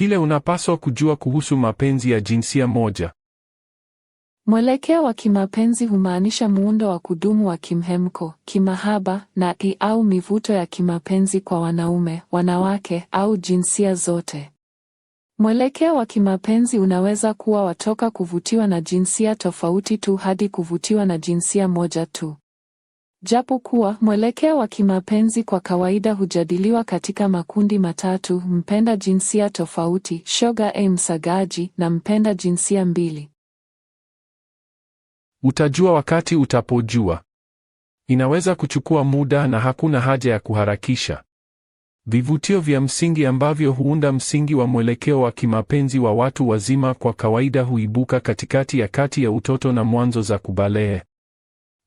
Kile unapaswa kujua kuhusu mapenzi ya jinsia moja. Mwelekeo wa kimapenzi humaanisha muundo wa kudumu wa kimhemko, kimahaba na i au mivuto ya kimapenzi kwa wanaume, wanawake au jinsia zote. Mwelekeo wa kimapenzi unaweza kuwa watoka kuvutiwa na jinsia tofauti tu hadi kuvutiwa na jinsia moja tu. Japokuwa mwelekeo wa kimapenzi kwa kawaida hujadiliwa katika makundi matatu: mpenda jinsia tofauti, shoga e msagaji, na mpenda jinsia mbili. Utajua wakati utapojua. Inaweza kuchukua muda na hakuna haja ya kuharakisha. Vivutio vya msingi ambavyo huunda msingi wa mwelekeo wa kimapenzi wa watu wazima kwa kawaida huibuka katikati ya kati ya utoto na mwanzo za kubalehe.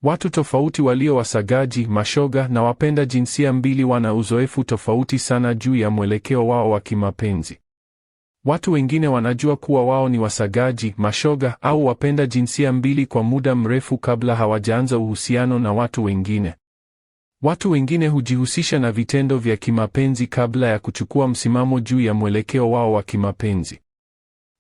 Watu tofauti walio wasagaji, mashoga na wapenda jinsia mbili wana uzoefu tofauti sana juu ya mwelekeo wao wa kimapenzi. Watu wengine wanajua kuwa wao ni wasagaji, mashoga au wapenda jinsia mbili kwa muda mrefu kabla hawajaanza uhusiano na watu wengine. Watu wengine hujihusisha na vitendo vya kimapenzi kabla ya kuchukua msimamo juu ya mwelekeo wao wa kimapenzi.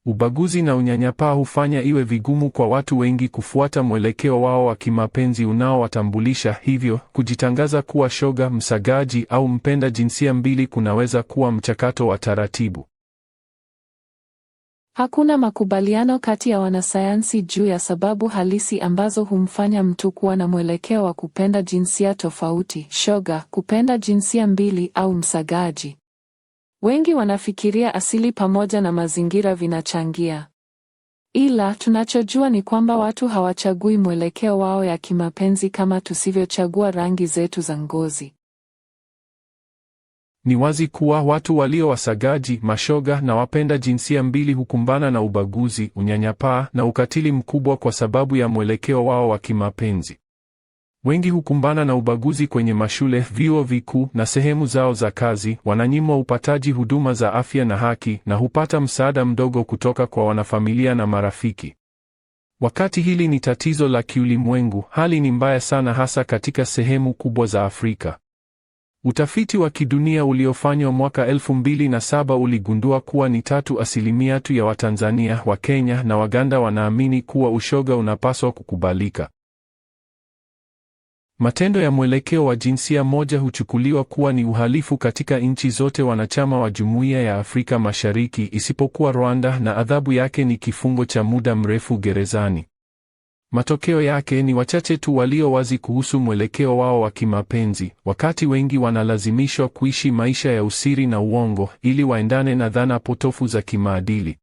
Ubaguzi na unyanyapaa hufanya iwe vigumu kwa watu wengi kufuata mwelekeo wao wa kimapenzi unaowatambulisha. Hivyo, kujitangaza kuwa shoga, msagaji au mpenda jinsia mbili kunaweza kuwa mchakato wa taratibu. Hakuna makubaliano kati ya wanasayansi juu ya sababu halisi ambazo humfanya mtu kuwa na mwelekeo wa kupenda jinsia tofauti, shoga, kupenda jinsia mbili au msagaji. Wengi wanafikiria asili pamoja na mazingira vinachangia, ila tunachojua ni kwamba watu hawachagui mwelekeo wao ya kimapenzi kama tusivyochagua rangi zetu za ngozi. Ni wazi kuwa watu walio wasagaji, mashoga na wapenda jinsia mbili hukumbana na ubaguzi, unyanyapaa na ukatili mkubwa kwa sababu ya mwelekeo wao wa kimapenzi. Wengi hukumbana na ubaguzi kwenye mashule, vyuo vikuu na sehemu zao za kazi, wananyimwa upataji huduma za afya na haki, na hupata msaada mdogo kutoka kwa wanafamilia na marafiki. Wakati hili ni tatizo la kiulimwengu, hali ni mbaya sana, hasa katika sehemu kubwa za Afrika. Utafiti wa kidunia uliofanywa mwaka 2007 uligundua kuwa ni tatu asilimia tu ya Watanzania, Wakenya na Waganda wanaamini kuwa ushoga unapaswa kukubalika. Matendo ya mwelekeo wa jinsia moja huchukuliwa kuwa ni uhalifu katika nchi zote wanachama wa Jumuiya ya Afrika Mashariki isipokuwa Rwanda na adhabu yake ni kifungo cha muda mrefu gerezani. Matokeo yake ni wachache tu walio wazi kuhusu mwelekeo wao wa kimapenzi, wakati wengi wanalazimishwa kuishi maisha ya usiri na uongo ili waendane na dhana potofu za kimaadili.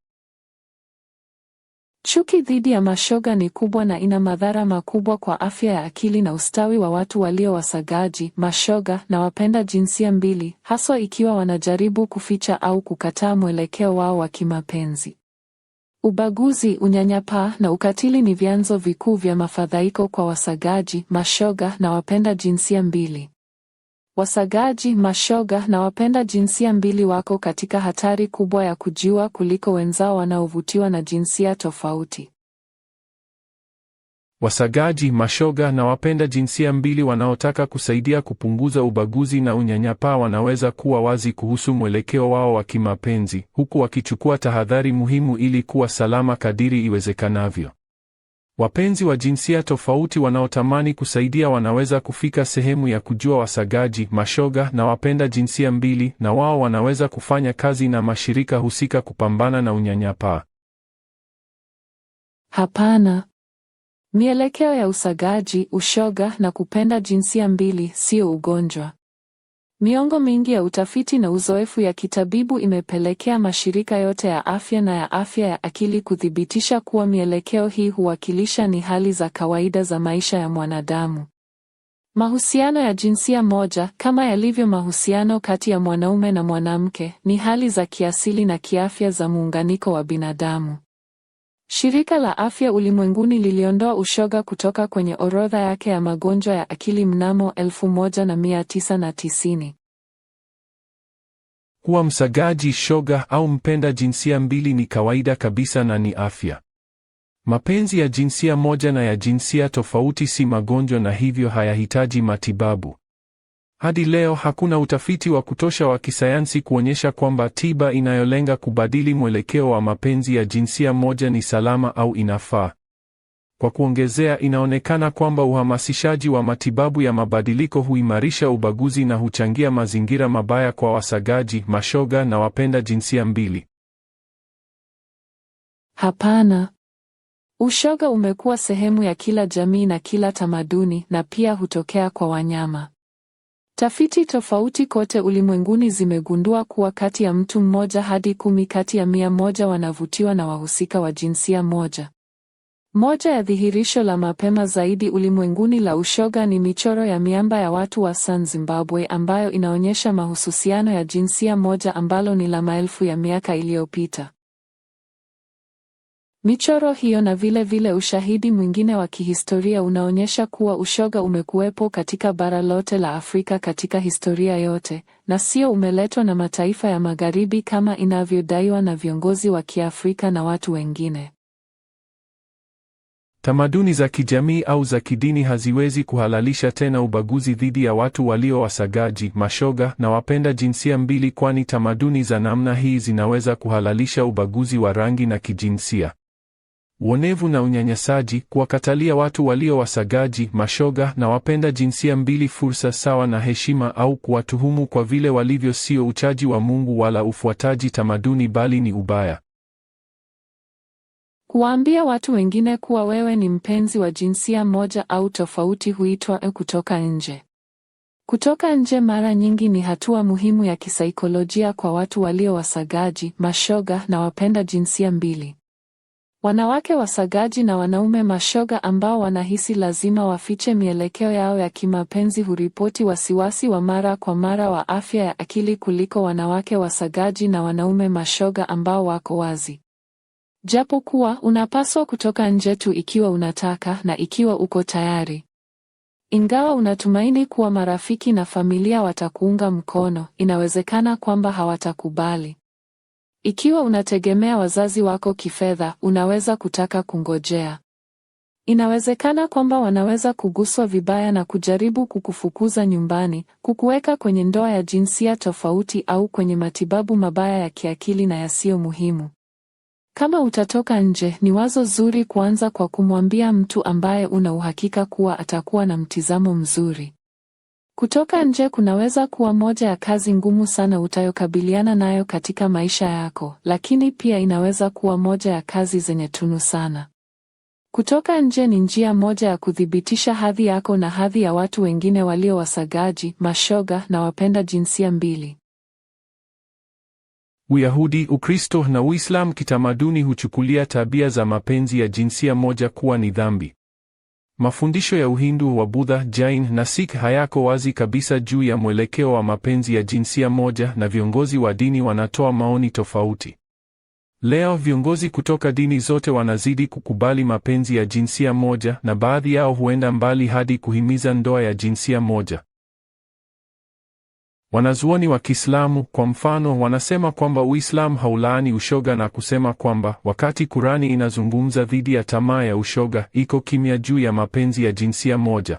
Chuki dhidi ya mashoga ni kubwa na ina madhara makubwa kwa afya ya akili na ustawi wa watu walio wasagaji, mashoga na wapenda jinsia mbili, haswa ikiwa wanajaribu kuficha au kukataa mwelekeo wao wa kimapenzi. Ubaguzi, unyanyapaa na ukatili ni vyanzo vikuu vya mafadhaiko kwa wasagaji, mashoga na wapenda jinsia mbili. Wasagaji, mashoga na wapenda jinsia mbili wako katika hatari kubwa ya kujiua kuliko wenzao wanaovutiwa na jinsia tofauti. Wasagaji, mashoga na wapenda jinsia mbili wanaotaka kusaidia kupunguza ubaguzi na unyanyapaa wanaweza kuwa wazi kuhusu mwelekeo wao wa kimapenzi, huku wakichukua tahadhari muhimu ili kuwa salama kadiri iwezekanavyo. Wapenzi wa jinsia tofauti wanaotamani kusaidia wanaweza kufika sehemu ya kujua wasagaji, mashoga na wapenda jinsia mbili, na wao wanaweza kufanya kazi na mashirika husika kupambana na unyanyapaa. Hapana. Mielekeo ya usagaji, ushoga na kupenda jinsia mbili sio ugonjwa. Miongo mingi ya utafiti na uzoefu ya kitabibu imepelekea mashirika yote ya afya na ya afya ya akili kuthibitisha kuwa mielekeo hii huwakilisha ni hali za kawaida za maisha ya mwanadamu. Mahusiano ya jinsia moja, kama yalivyo mahusiano kati ya mwanaume na mwanamke, ni hali za kiasili na kiafya za muunganiko wa binadamu. Shirika la Afya Ulimwenguni liliondoa ushoga kutoka kwenye orodha yake ya magonjwa ya akili mnamo 1990. Kuwa msagaji, shoga au mpenda jinsia mbili ni kawaida kabisa na ni afya. Mapenzi ya jinsia moja na ya jinsia tofauti si magonjwa na hivyo hayahitaji matibabu. Hadi leo hakuna utafiti wa kutosha wa kisayansi kuonyesha kwamba tiba inayolenga kubadili mwelekeo wa mapenzi ya jinsia moja ni salama au inafaa. Kwa kuongezea, inaonekana kwamba uhamasishaji wa matibabu ya mabadiliko huimarisha ubaguzi na huchangia mazingira mabaya kwa wasagaji, mashoga na wapenda jinsia mbili. Hapana. Ushoga umekuwa sehemu ya kila jamii na kila tamaduni na pia hutokea kwa wanyama. Tafiti tofauti kote ulimwenguni zimegundua kuwa kati ya mtu mmoja hadi kumi kati ya mia moja wanavutiwa na wahusika wa jinsia moja. Moja ya dhihirisho la mapema zaidi ulimwenguni la ushoga ni michoro ya miamba ya watu wa San Zimbabwe ambayo inaonyesha mahususiano ya jinsia moja ambalo ni la maelfu ya miaka iliyopita. Michoro hiyo na vile vile ushahidi mwingine wa kihistoria unaonyesha kuwa ushoga umekuwepo katika bara lote la Afrika katika historia yote, na sio umeletwa na mataifa ya Magharibi kama inavyodaiwa na viongozi wa Kiafrika na watu wengine. Tamaduni za kijamii au za kidini haziwezi kuhalalisha tena ubaguzi dhidi ya watu walio wasagaji, mashoga na wapenda jinsia mbili, kwani tamaduni za namna hii zinaweza kuhalalisha ubaguzi wa rangi na kijinsia. Uonevu na unyanyasaji, kuwakatalia watu walio wasagaji, mashoga na wapenda jinsia mbili fursa sawa na heshima au kuwatuhumu kwa vile walivyo, sio uchaji wa Mungu wala ufuataji tamaduni, bali ni ubaya. Kuwaambia watu wengine kuwa wewe ni mpenzi wa jinsia moja au tofauti huitwa e kutoka nje. Kutoka nje mara nyingi ni hatua muhimu ya kisaikolojia kwa watu walio wasagaji, mashoga na wapenda jinsia mbili. Wanawake wasagaji na wanaume mashoga ambao wanahisi lazima wafiche mielekeo yao ya kimapenzi huripoti wasiwasi wa mara kwa mara wa afya ya akili kuliko wanawake wasagaji na wanaume mashoga ambao wako wazi. Japokuwa unapaswa kutoka nje tu ikiwa unataka na ikiwa uko tayari. Ingawa unatumaini kuwa marafiki na familia watakuunga mkono, inawezekana kwamba hawatakubali. Ikiwa unategemea wazazi wako kifedha, unaweza kutaka kungojea. Inawezekana kwamba wanaweza kuguswa vibaya na kujaribu kukufukuza nyumbani, kukuweka kwenye ndoa ya jinsia tofauti au kwenye matibabu mabaya ya kiakili na yasiyo muhimu. Kama utatoka nje, ni wazo zuri kuanza kwa kumwambia mtu ambaye una uhakika kuwa atakuwa na mtizamo mzuri. Kutoka nje kunaweza kuwa moja ya kazi ngumu sana utayokabiliana nayo katika maisha yako, lakini pia inaweza kuwa moja ya kazi zenye tunu sana. Kutoka nje ni njia moja ya kuthibitisha hadhi yako na hadhi ya watu wengine walio wasagaji, mashoga na wapenda jinsia mbili. Uyahudi, Ukristo na Uislamu kitamaduni huchukulia tabia za mapenzi ya jinsia moja kuwa ni dhambi. Mafundisho ya Uhindu wa Budha, Jain na Sikh hayako wazi kabisa juu ya mwelekeo wa mapenzi ya jinsia moja na viongozi wa dini wanatoa maoni tofauti. Leo viongozi kutoka dini zote wanazidi kukubali mapenzi ya jinsia moja na baadhi yao huenda mbali hadi kuhimiza ndoa ya jinsia moja. Wanazuoni wa Kiislamu kwa mfano wanasema kwamba Uislamu haulaani ushoga na kusema kwamba wakati Kurani inazungumza dhidi ya tamaa ya ushoga, iko kimya juu ya mapenzi ya jinsia moja.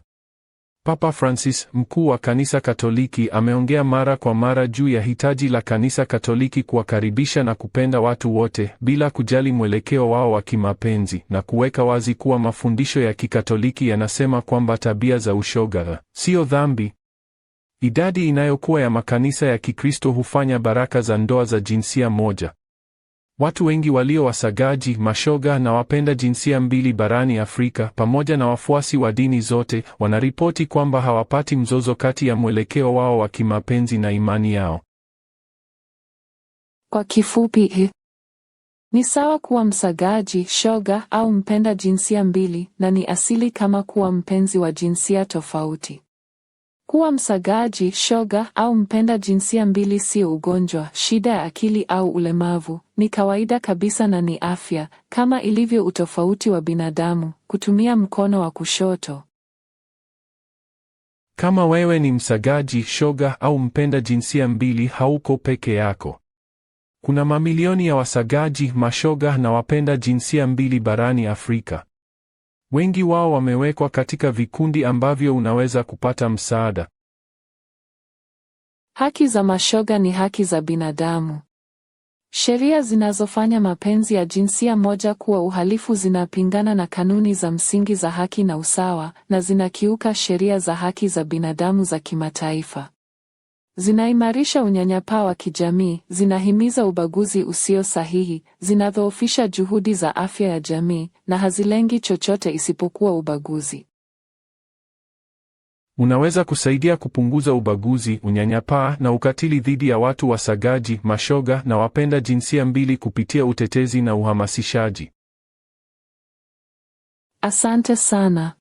Papa Francis, mkuu wa Kanisa Katoliki, ameongea mara kwa mara juu ya hitaji la Kanisa Katoliki kuwakaribisha na kupenda watu wote bila kujali mwelekeo wao wa kimapenzi na kuweka wazi kuwa mafundisho ya Kikatoliki yanasema kwamba tabia za ushoga eh, sio dhambi. Idadi inayokuwa ya makanisa ya Kikristo hufanya baraka za ndoa za jinsia moja. Watu wengi walio wasagaji, mashoga na wapenda jinsia mbili barani Afrika pamoja na wafuasi wa dini zote wanaripoti kwamba hawapati mzozo kati ya mwelekeo wao wa kimapenzi na imani yao. Kwa kifupi, ni sawa kuwa msagaji, shoga au mpenda jinsia mbili na ni asili kama kuwa mpenzi wa jinsia tofauti. Kuwa msagaji, shoga au mpenda jinsia mbili sio ugonjwa, shida ya akili au ulemavu. Ni kawaida kabisa na ni afya, kama ilivyo utofauti wa binadamu kutumia mkono wa kushoto. Kama wewe ni msagaji, shoga au mpenda jinsia mbili, hauko peke yako. Kuna mamilioni ya wasagaji, mashoga na wapenda jinsia mbili barani Afrika. Wengi wao wamewekwa katika vikundi ambavyo unaweza kupata msaada. Haki za mashoga ni haki za binadamu. Sheria zinazofanya mapenzi ya jinsia moja kuwa uhalifu zinapingana na kanuni za msingi za haki na usawa na zinakiuka sheria za haki za binadamu za kimataifa. Zinaimarisha unyanyapaa wa kijamii, zinahimiza ubaguzi usio sahihi, zinadhoofisha juhudi za afya ya jamii na hazilengi chochote isipokuwa ubaguzi. Unaweza kusaidia kupunguza ubaguzi, unyanyapaa na ukatili dhidi ya watu wasagaji, mashoga na wapenda jinsia mbili kupitia utetezi na uhamasishaji. Asante sana.